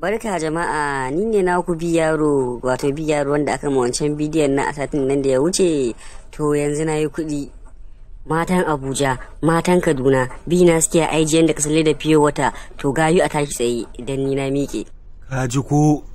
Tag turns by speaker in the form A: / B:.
A: barka jama'a ni ne na ku yaro wato yaro wanda aka ma wancan bidiyon na a satin nan da ya wuce to yanzu na yi kuɗi matan abuja matan kaduna bina suke aijiyan da kasale da fiye wata to gayu a tashi tsaye idan ni na miƙe
B: ka ji ko